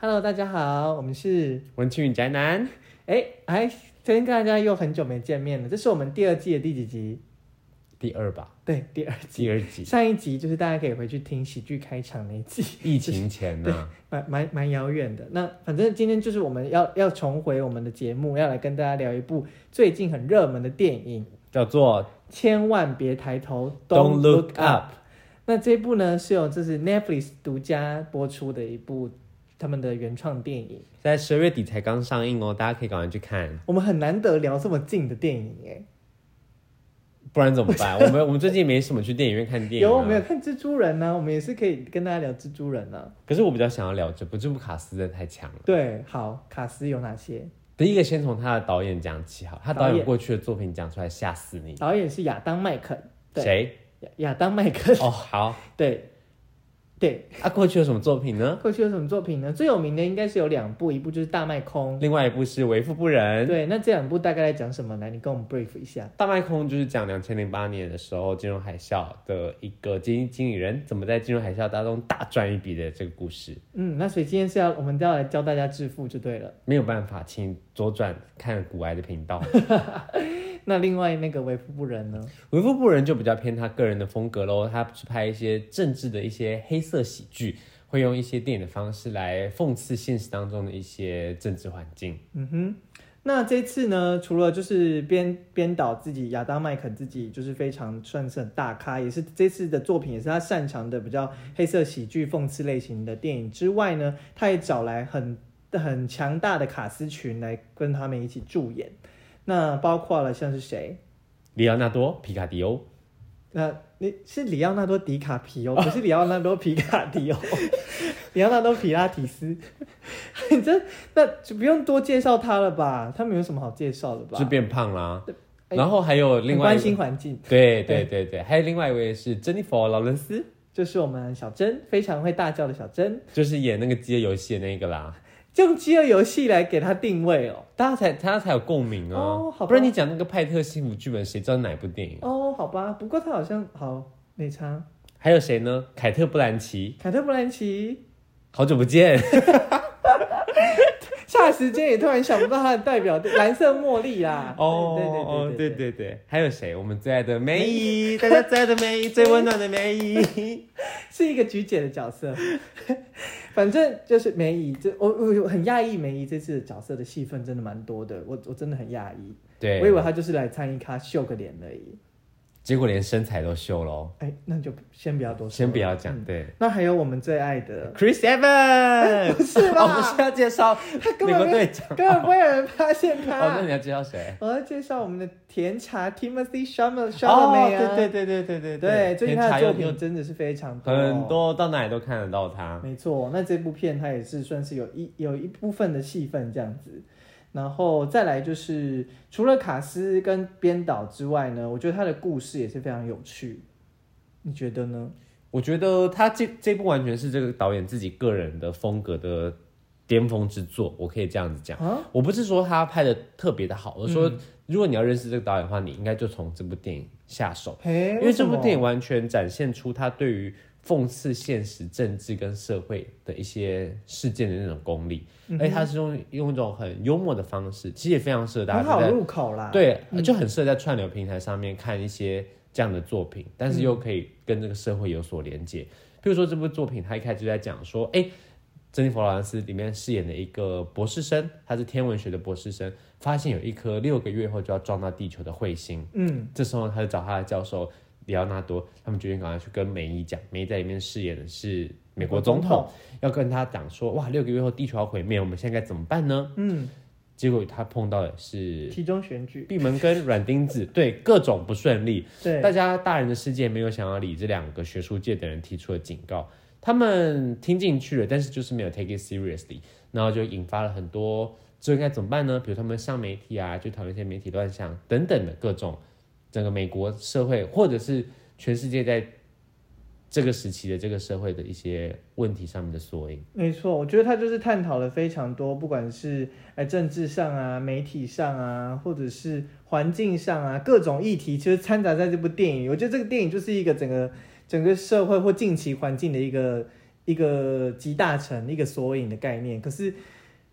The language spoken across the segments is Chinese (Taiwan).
Hello，大家好，我們是文青與宅男。哎，哎，昨天跟大家又很久沒見面了。這是我們第二季的第幾集？第二吧，對，第二集，第二集。上一集就是大家可以回去聽喜劇開場那一集，疫情前的，蠻蠻蠻遙遠的。那反正今天就是我們要要重回我們的節目，要來跟大家聊一部最近很熱門的電影，叫做《千萬別抬頭》（Don't, Don't Look Up）。那這一部呢是由這是 Netflix 獨家播出的一部。他們的原創電影在十二月底才剛上映哦，大家可以趕快去看。我們很難得聊這麼近的電影耶，不然怎麼辦？ 我們我們最近沒什麼去電影院看電影啊，有我們有看《蜘蛛人》啊呢，我們也是可以跟大家聊《蜘蛛人》啊呢。可是我比較想要聊這不，這部卡司的太強了。對，好，卡司有哪些？第一個先從他的導演講起好，他導演，導演過去的作品講出來嚇死你。導演是亞當·麥肯，誰？亞亞當·麥肯。哦，好，對。對，啊，過去有什麼作品呢？ 過去有什麼作品呢？最有名的應該是有兩部，一部就是《大賣空》，另外一部是《為富不仁》。對，那這兩部大概在講什麼呢？來，你跟我們 brief 一下，《大賣空》就是講兩千零八年的時候金融海嘯的一個基金經理人怎麼在金融海嘯當中大賺一筆的這個故事。嗯，那所以今天是要我們都要來教大家致富就對了，沒有辦法，請左轉看股癌的頻道。 那另外那個為副不仁呢？為副不仁就比較偏他個人的風格嘍，他去拍一些政治的一些黑色喜劇，會用一些電影的方式來諷刺現實當中的一些政治環境。嗯哼，那這次呢，除了就是編編導自己亞當麥肯自己就是非常算是很大咖，也是這次的作品也是他擅長的比較黑色喜劇諷刺類型的電影之外呢，他也找來很很強大的卡司群來跟他們一起助演。那包括了像是誰？里奧納多·皮卡迪歐。那你是里奧納多·迪卡皮歐，不是里奧納多· 皮卡迪歐。里奧納多·皮拉提斯， 你這那就不用多介紹他了吧？他沒有什麼好介紹的吧？是變胖啦、欸。然後還有另外一位，很關心環境。對對對對，對，還有另外一位是珍妮弗·勞倫斯，就是我們小珍，非常會大叫的小珍，就是演那個飢餓遊戲的那個啦。.用飢餓遊戲來給他定位哦，大家才他才有共鳴、啊、哦。好，不然你講那個派特幸福劇本，誰知道哪部電影、啊？哦，好吧。不過他好像好沒差。還有誰呢？凱特·布蘭奇。凱特·布蘭奇，好久不見。 下時間也突然想不到他的代表， 藍色茉莉啦。哦，對對對對對對。對對對對，還有誰？我們最愛的梅姨，梅姨，大家最愛的梅姨， 最溫暖的梅姨，是一個菊姐的角色。 反正就是梅姨，這我我很訝異，梅姨這次的角色的戲份真的蠻多的，我我真的很訝異，對，我以為她就是來參一咖秀個臉而已。結果連身材都修了哦！哎，那就先不要多說，先不要講。對、嗯，那還有我們最愛的 Chris Evans，不 是吧？ 哦、我們是要介紹他根本不會， 根本不會有人發現他。 哦，那你要介紹誰？我要介紹我們的甜茶 Timothée Chalamet, Chalamet。哦，對對對對對對對，對，最近他的作品真的是非常多、哦，很多到哪裡都看得到他。沒錯，那這部片他也是算是有一有一部分的戲份這樣子。然後再來就是，除了卡斯跟編導之外呢，我覺得他的故事也是非常有趣。你覺得呢？我覺得他這這部完全是這個導演自己個人的風格的巔峰之作，我可以這樣子講。啊？我不是說他拍的特別的好，我說如果你要認識這個導演的話，你應該就從這部電影下手，嘿，為什麼？因為這部電影完全展現出他對於。諷刺現實政治跟社會的一些事件的那種功力，哎，他是用用一種很幽默的方式，其實也非常適合大家。很好入口啦。對、嗯，就很適合在串流平台上面看一些這樣的作品，但是又可以跟這個社會有所連接。比、嗯、如說這部作品，他一開始就在講說，哎、欸，珍妮佛勞倫斯裡面飾演的一個博士生，他是天文學的博士生，發現有一顆六個月後就要撞到地球的彗星，嗯，這時候他就找他的教授。李奧納多他們決定趕快去跟梅姨講，梅姨在裡面飾演的是美國總統，要跟他講說：“哇，六個月後地球要毀滅，嗯、我們現在該怎麼辦呢？”嗯，結果他碰到的是期中選舉、閉門跟軟釘子， 對，各種不順利。對，大家大人的世界沒有想要理這兩個學術界的人提出的警告，他們聽進去了，但是就是沒有 take it seriously，然後就引發了很多這應該怎麼辦呢？比如他們上媒體啊，就討論一些媒體亂象等等的各種。那個美國社會，或者是全世界在這個時期的這個社會的一些問題上面的縮影。沒錯，我覺得他就是探討了非常多，不管是哎政治上啊、媒體上啊，或者是環境上啊，各種議題其實摻雜在這部電影。我覺得這個電影就是一個整個整個社會或近期環境的一個一個集大成、一個縮影的概念。可是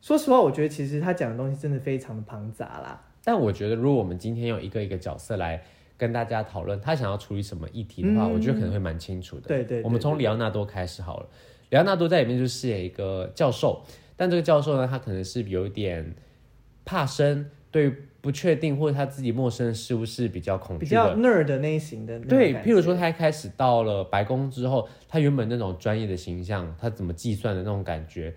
說實話，我覺得其實他講的東西真的非常的龐雜啦。但我覺得，如果我們今天用一個一個角色來跟大家討論他想要處理什麼議題的話，嗯、我覺得可能會蠻清楚的。對對、對、對、對、對，我們從李奧納多開始好了。李奧納多在裡面就飾演一個教授，但這個教授呢，他可能是有一點怕生，對不確定或者他自己陌生是不是比較恐懼，比較 nerd 的類型的。對，譬如說他一開始到了白宮之後，他原本那種專業的形象，他怎麼計算的那種感覺。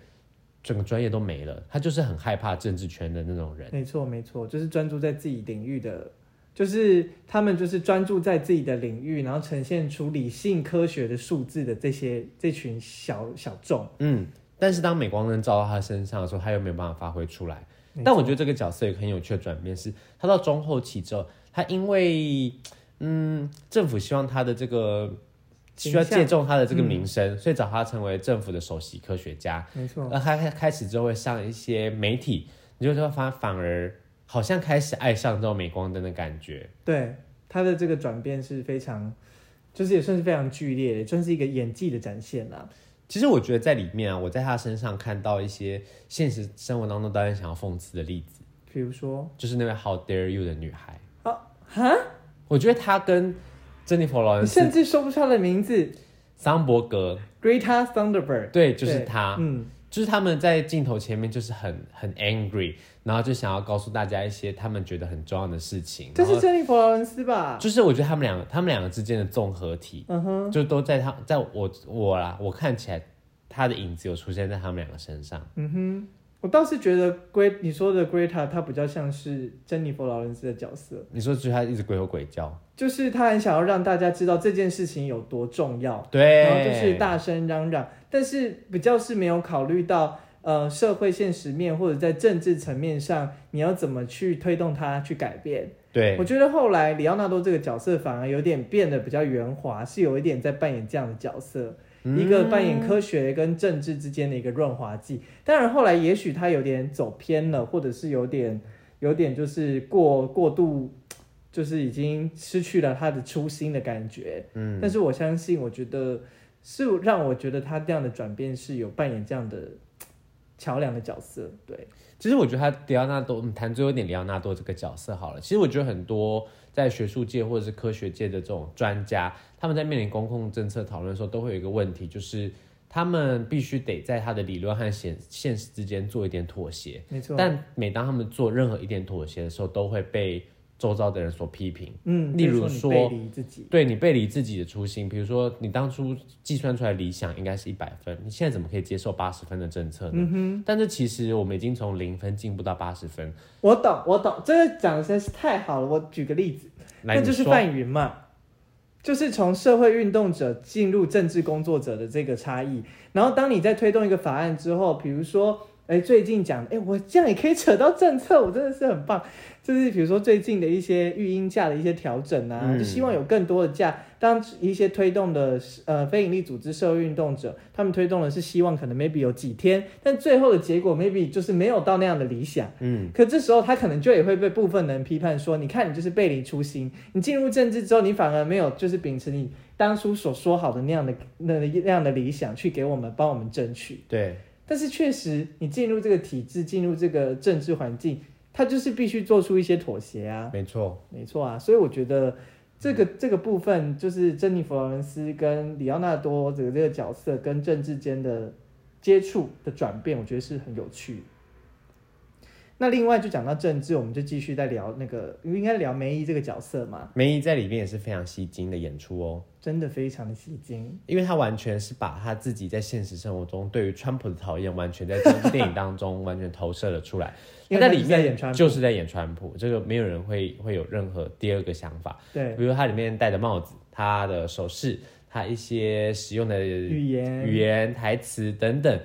整個專業都沒了，他就是很害怕政治權的那種人。沒錯，沒錯，就是專注在自己領域的，就是他們就是專注在自己的領域，然後呈現出理性科學的數字的這些這群小小眾。嗯，但是當鎂光燈照到他身上的時候，他又沒有辦法發揮出來。但我覺得這個角色也很有趣的轉變是，他到中後期之後，他因為嗯，政府希望他的這個。需要借重他的這個名聲、嗯，所以找他成為政府的首席科學家。沒錯，而他開開始之後會上一些媒體，你就說、是、反反而好像開始愛上這種鎂光燈的感覺。對他的這個轉變是非常，就是也算是非常劇烈，的，算是一個演技的展現了、啊。其實我覺得在裡面啊，我在他身上看到一些現實生活當中導演想要諷刺的例子，比如說就是那位 How Dare You 的女孩。哦，蛤？我覺得他跟。珍妮佛·勞倫斯，你甚至說不出他的名字。桑伯格，Greta Thunberg，對，就是他，嗯，就是他們在鏡頭前面就是很很 angry，然後就想要告訴大家一些他們覺得很重要的事情。這、就是珍妮佛·勞倫斯吧？就是我覺得他們兩，他們兩個之間的綜合體，嗯哼，就都在他，在我我啦，我看起來他的影子有出現在他們兩個身上，嗯哼。我倒是覺得 Gre... 你說的 Greta，他比較像是珍妮佛勞倫斯的角色。你說其實他一直鬼吼鬼叫，就是他很想要讓大家知道這件事情有多重要，對，然後就是大聲嚷嚷，但是比較是沒有考慮到，呃，社會現實面或者在政治層面上，你要怎麼去推動他去改變。對，我覺得後來李奧納多這個角色反而有點變得比較圓滑，是有一點在扮演這樣的角色。嗯，一個扮演科學跟政治之間的一個潤滑劑，當然後來也許他有點走偏了，或者是有點有點就是過過度，就是已經失去了他的初心的感覺。嗯，但是我相信，我覺得是讓我覺得他這樣的轉變是有扮演這樣的橋樑的角色。對，其實我覺得他迪奧納多，我們談最後一點，迪奧納多這個角色好了。其實我覺得很多在學術界或者是科學界的這種專家。他們在面臨公共政策討論的時候，都會有一個問題，就是他們必須得在他的理論和現現實之間做一點妥協。沒錯，但每當他們做任何一點妥協的時候，都會被周遭的人所批評。嗯，例如說，對、就是、你背離自，自己的初心，比如說你當初計算出來理想應該是一百分，你現在怎麼可以接受八十分的政策呢？嗯哼，但是其實我們已經從零分進步到八十分。我懂，我懂，這個講的實在是太好了。我舉個例子，來那就是范雲嘛。就是從社會運動者進入政治工作者的這個差異，然後當你在推動一個法案之後，比如說。哎、欸，最近講的，哎、欸，我這樣也可以扯到政策，我真的是很棒。就是比如說最近的一些育嬰假的一些調整啊，就希望有更多的假。當一些推動的呃非營利組織社會運動者，他們推動的是希望可能 maybe 有幾天，但最後的結果 maybe 就是沒有到那樣的理想。嗯，可這時候他可能就也會被部分人批判說，你看你就是背離初心，你進入政治之後，你反而沒有就是秉持你當初所說好的那樣的那那樣的理想去給我們幫我們爭取。對。但是確實，你進入這個體制，進入這個政治環境，他就是必須做出一些妥協啊。沒錯，沒錯啊。所以我覺得這個、嗯、這個部分，就是珍妮弗·勞倫斯跟里奧納多的這個角色跟政治間的接觸的轉變，我覺得是很有趣的。那另外就講到政治，我們就繼續再聊那個，因為應該聊梅姨這個角色嘛。梅姨在裡面也是非常吸睛的演出哦，真的非常的吸睛，因為她完全是把她自己在現實生活中對於川普的討厭，完全在電影當中完全投射了出來。 因為他，在演川普，他在裡面就是在演川普， 這個沒有人會會有任何第二個想法。對，比如他裡面戴的帽子，他的首飾，他一些使用的語言、語言台詞等等，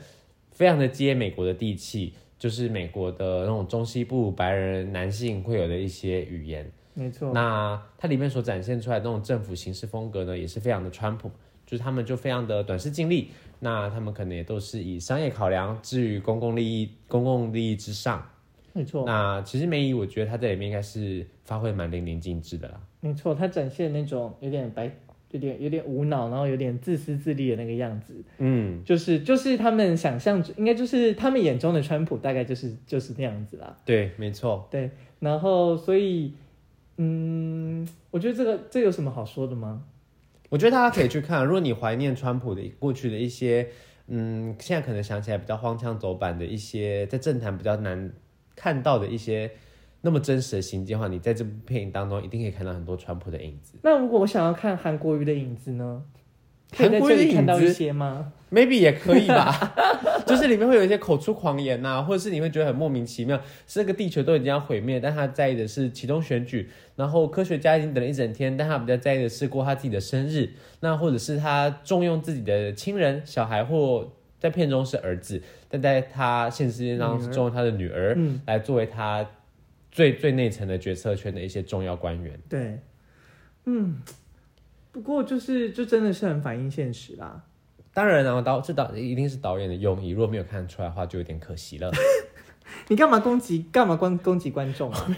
非常的接美國的地氣，就是美國的那種中西部白人男性會有的一些語言，沒錯。那它裡面所展現出來的那種政府形式風格呢，也是非常的川普，就是他們就非常的短視近利。那他們可能也都是以商業考量置於公共利益公共利益之上，沒錯。那其實梅姨，我覺得他在裡面應該是發揮蠻淋漓盡致的啦，沒錯，他展現的那種有點白。有點有點無腦，然後有點自私自利的那個樣子，嗯，就是就是他們想象應該就是他們眼中的川普，大概就是就是那樣子啦。對，沒錯。對，然後所以，嗯，我覺得這個這個有什麼好說的嗎？我覺得大家可以去看，如果你懷念川普的過去的一些，嗯，現在可能想起來比較荒腔走板的一些，在政壇比較難看到的一些。那麼真實的行跡的話，你在這部電影當中一定可以看到很多川普的影子。那如果我想要看韓國瑜的影子呢？韓國瑜的影子這看到一些嗎？Maybe 也可以吧。 就是裡面會有一些口出狂言吶、啊，或者是你會覺得很莫名其妙，是這個地球都已經要毀滅，但他在意的是期中選舉。然後科學家已經等了一整天，但他比較在意的是過他自己的生日。那或者是他重用自己的親人小孩，或在片中是兒子，但在他現實世界上是重用他的女兒、女兒、嗯、來作為他。最最內層的決策圈的一些重要官員。對，嗯，不過就是就真的是很反映現實啦。當然，然後導，這導一定是導演的用意，如果沒有看出來的話，就有點可惜了。 你幹嘛攻擊？幹嘛關攻擊觀眾我？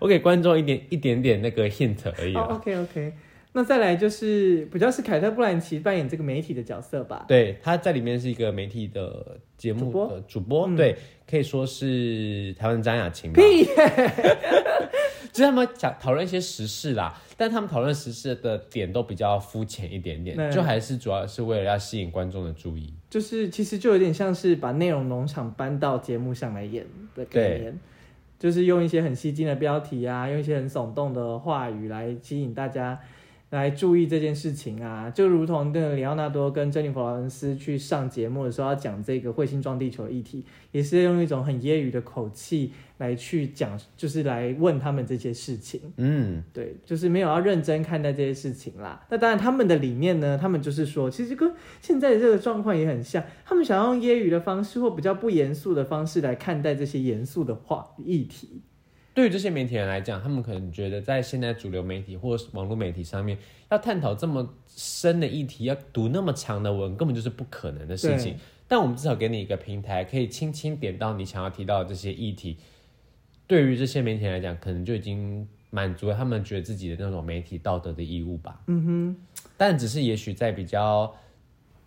我給觀眾一點一點點那個 hint 而已啊。Oh, OK OK。那再來就是不知道是凱特·布蘭奇扮演這個媒體的角色吧。對，他在裡面是一個媒體的節目的主播，主播，主播、嗯，對，可以說是台灣張雅琴嘛。欸、 就是他們想討論一些時事啦，但他們討論時事的點都比較膚淺一點點、嗯，就還是主要是為了要吸引觀眾的注意。就是其實就有點像是把內容農場搬到節目上來演的概念，就是用一些很吸睛的標題啊，用一些很聳動的話語來吸引大家。來注意這件事情啊，就如同跟里奧納多跟珍妮弗勞倫斯去上節目的時候，要講這個彗星撞地球的議題，也是用一種很揶揄的口氣來去講，就是來問他們這些事情。嗯，對，就是沒有要認真看待這些事情啦。那當然，他們的理念呢，他們就是說，其實跟現在這個狀況也很像，他們想要用揶揄的方式或比較不嚴肅的方式來看待這些嚴肅的話議題。對於這些媒體人來講，他們可能覺得在現在主流媒體或是網絡媒體上面，要探討這麼深的議題，要讀那麼長的文，根本就是不可能的事情。但我們至少給你一個平台，可以輕輕點到你想要提到的這些議題。對於這些媒體人來講，可能就已經滿足了他們覺得自己的那種媒體道德的義務吧。嗯哼。但只是也許在比較，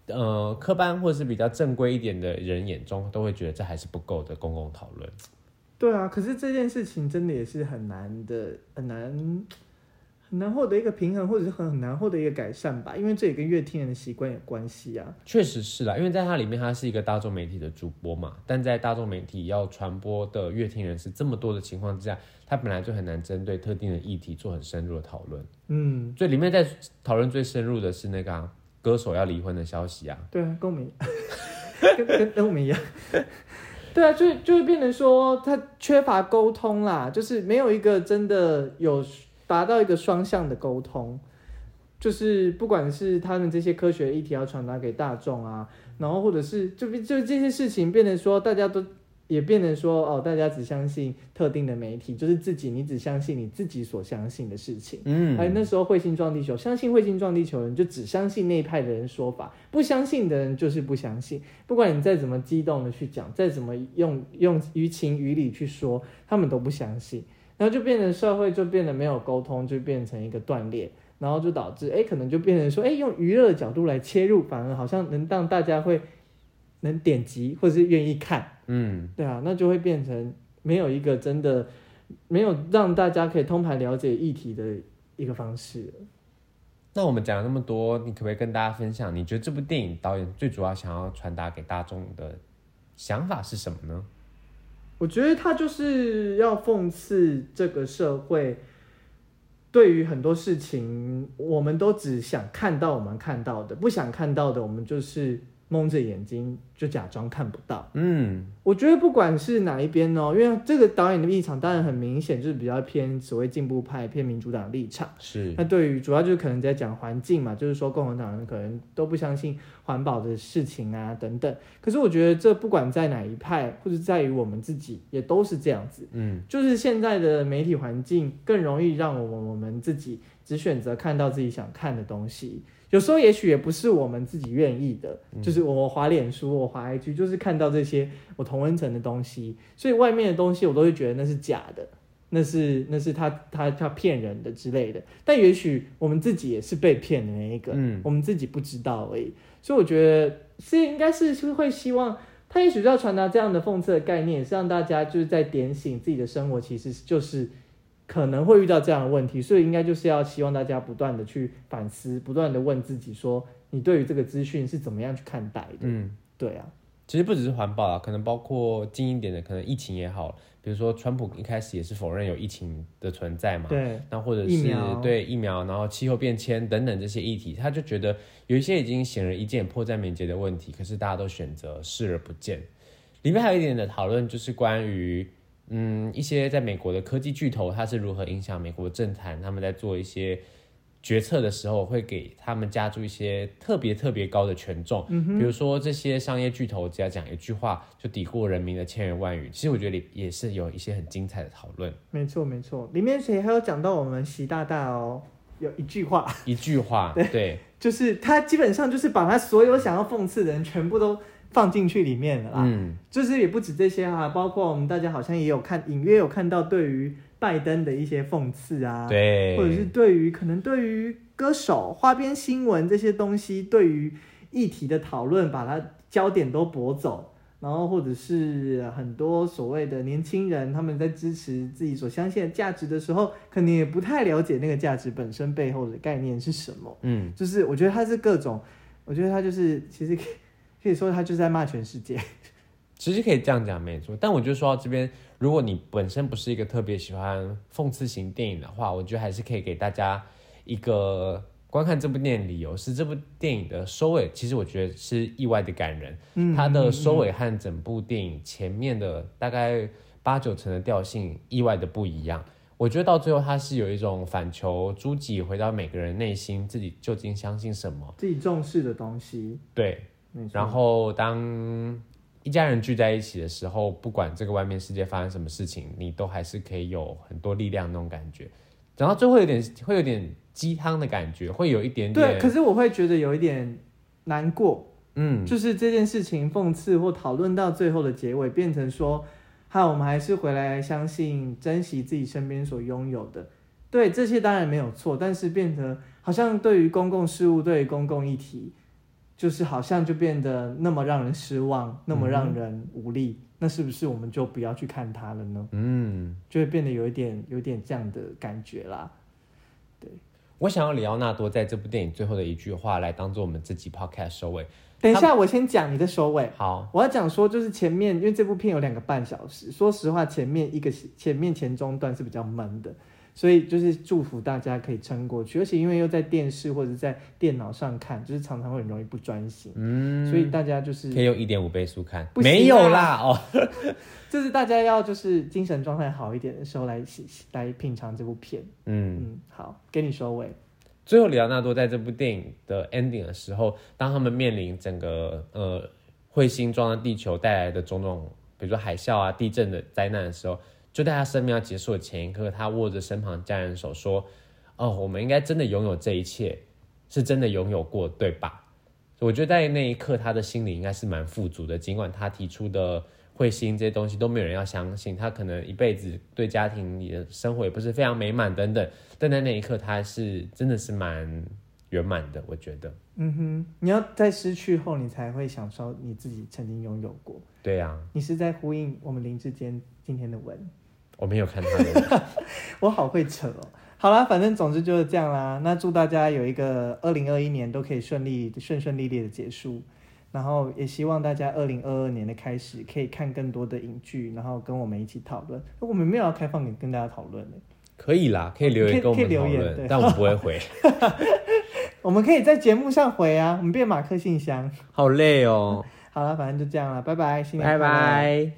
呃，科班或者是比較正規一點的人眼中，都會覺得這還是不夠的公共討論。對啊，可是這件事情真的也是很難的，很難很難獲得一個平衡，或者是很很難獲得一個改善吧，因為這也跟閱聽人的習慣有關係啊。確實是啦，啊，因為在他裡面，他是一個大眾媒體的主播嘛，但在大眾媒體要傳播的閱聽人是這麼多的情況之下，他本來就很難針對特定的議題做很深入的討論。嗯，所以裡面在討論最深入的是那個、啊、歌手要離婚的消息啊，對啊，跟我們， 跟跟跟我們一樣。 對啊，就就會變成說，他缺乏溝通啦，就是沒有一個真的有達到一個雙向的溝通，就是不管是他們這些科學議題要傳達給大眾啊，然後或者是就就這些事情，變成說大家都。也變成說哦，大家只相信特定的媒體，就是自己，你只相信你自己所相信的事情。嗯，而那時候彗星撞地球，相信彗星撞地球人就只相信那一派的人說法，不相信的人就是不相信，不管你再怎麼激動的去講，再怎麼用用於情於理去說，他們都不相信。然後就變成社會就變得沒有溝通，就變成一個斷裂，然後就導致哎、欸，可能就變成說哎、欸，用娛樂的角度來切入，反而好像能讓大家會。能點擊或是願意看，嗯，對啊，那就會變成沒有一個真的沒有讓大家可以通盤了解議題的一個方式。那我們講了那麼多，你可不可以跟大家分享，你覺得這部電影導演最主要想要傳達給大眾的想法是什麼呢？我覺得他就是要諷刺這個社會對於很多事情，我們都只想看到我們看到的，不想看到的，我們就是蒙着眼睛。就假裝看不到。嗯，我覺得不管是哪一邊哦，因為這個導演的立場當然很明顯，就是比較偏所謂進步派、偏民主黨立場。是。那對於主要就是可能在講環境嘛，就是說共和黨人可能都不相信環保的事情啊等等。可是我覺得這不管在哪一派，或者在於我們自己，也都是這樣子。嗯，就是現在的媒體環境更容易讓我們我們自己只選擇看到自己想看的東西。有時候也許也不是我們自己願意的，就是我滑臉書我。就是看到這些我同溫層的東西，所以外面的東西我都會覺得那是假的，那是那是他他他騙人的之類的。但也許我們自己也是被騙的那一個，嗯，我們自己不知道而已。所以我覺得是應該是是會希望他也許要傳達這樣的諷刺的概念，是讓大家就是在點醒自己的生活，其實就是可能會遇到這樣的問題。所以應該就是要希望大家不斷的去反思，不斷的問自己說，你對於這個資訊是怎麼樣去看待的？嗯。對啊，其實不只是環保啊，可能包括近一點的，可能疫情也好，比如說川普一開始也是否認有疫情的存在嘛，對，那或者是疫苗，對，疫苗，然後氣候變遷等等這些議題，他就覺得有一些已經顯而易見、迫在眉睫的問題，可是大家都選擇視而不見。裡面還有一點的討論就是關於，嗯，一些在美國的科技巨頭，他是如何影響美國政壇，他們在做一些。決策的時候會給他們加注一些特別特別高的權重，嗯哼，比如說這些商業巨頭只要講一句話就抵過人民的千言萬語。其實我覺得也是有一些很精彩的討論。沒錯，沒錯，裡面誰還有講到我們習大大哦，有一句話，一句話， 對，對就是他基本上就是把他所有想要諷刺的人全部都放進去裡面了啦，嗯，就是也不止這些哈、啊，包括我們大家好像也有看隱約有看到對於。拜登的一些諷刺啊，對，或者是對於可能對於歌手花邊新聞這些東西，對於議題的討論，把它焦點都奪走，然後或者是很多所謂的年輕人，他們在支持自己所相信的價值的時候，可能也不太了解那個價值本身背後的概念是什麼。嗯，就是我覺得他是各種，我覺得他就是其實可以說他就是在罵全世界。其實可以這樣講，沒錯。但我就說到這邊，如果你本身不是一個特別喜歡諷刺型電影的話，我覺得還是可以給大家一個觀看這部電影的理由，是這部電影的收尾，其實我覺得是意外的感人。嗯，它的收尾和整部電影前面的大概八九成的調性意外的不一樣。我覺得到最後，它是有一種反求諸己，回到每個人內心自己究竟相信什麼，自己重視的東西。對，然後當一家人聚在一起的時候，不管這個外面世界發生什麼事情，你都還是可以有很多力量那種感覺。講到最後有點會有點雞湯的感覺，會有一點點。對，可是我會覺得有一點難過。嗯，就是這件事情諷刺或討論到最後的結尾，變成說：“好、嗯，我們還是回來相信、珍惜自己身邊所擁有的。”對，這些當然沒有錯，但是變成好像對於公共事務、對於公共議題。就是好像就變得那麼讓人失望，那麼讓人無力、嗯，那是不是我們就不要去看他了呢？嗯，就會變得有一點、有點這樣的感覺啦。對，我想要李奧納多在這部電影最後的一句話來當做我們自己 podcast 收尾。等一下，我先講你的收尾。好，我要講說，就是前面因為這部片有兩個半小時，說實話，前面一個前面前中段是比較悶的。所以就是祝福大家可以撐過去，而且因為又在電視或者在電腦上看，就是常常會很容易不專心。嗯，所以大家就是可以用一點五倍速看，沒有啦哦， 就是大家要就是精神狀態好一點的時候來來品嘗這部片。嗯嗯，好，給你收尾。最後，李奧納多在這部電影的 ending 的時候，當他們面臨整個呃彗星，撞上地球帶來的種種，比如說海嘯啊、地震的災難的時候，就在他生命要結束的前一刻，他握着身旁家人的手說：“哦，我們應該真的擁有這一切，是真的擁有過，對吧？”我覺得在那一刻，他的心裡應該是蠻富足的。儘管他提出的彗星這些東西都沒有人要相信，他可能一輩子對家庭裡的生活也不是非常美滿等等，但在那一刻，他是真的是蠻圓滿的。我覺得，嗯哼，你要在失去後，你才會享受你自己曾經擁有過。對呀、啊，你是在呼應我們林志堅今天的文。我沒有看他的， 我好會扯哦。好啦，反正總之就是這樣啦。那祝大家有一個二零二一年都可以順利、順順利利的結束。然後也希望大家二零二二年的開始可以看更多的影劇，然後跟我們一起討論。我們沒有要開放跟大家討論的，可以啦，可以留言跟我們討論，但我們不會回。 我們可以在節目上回啊，我們變馬克信箱，好累哦。 好了，反正就這樣了，拜拜，新年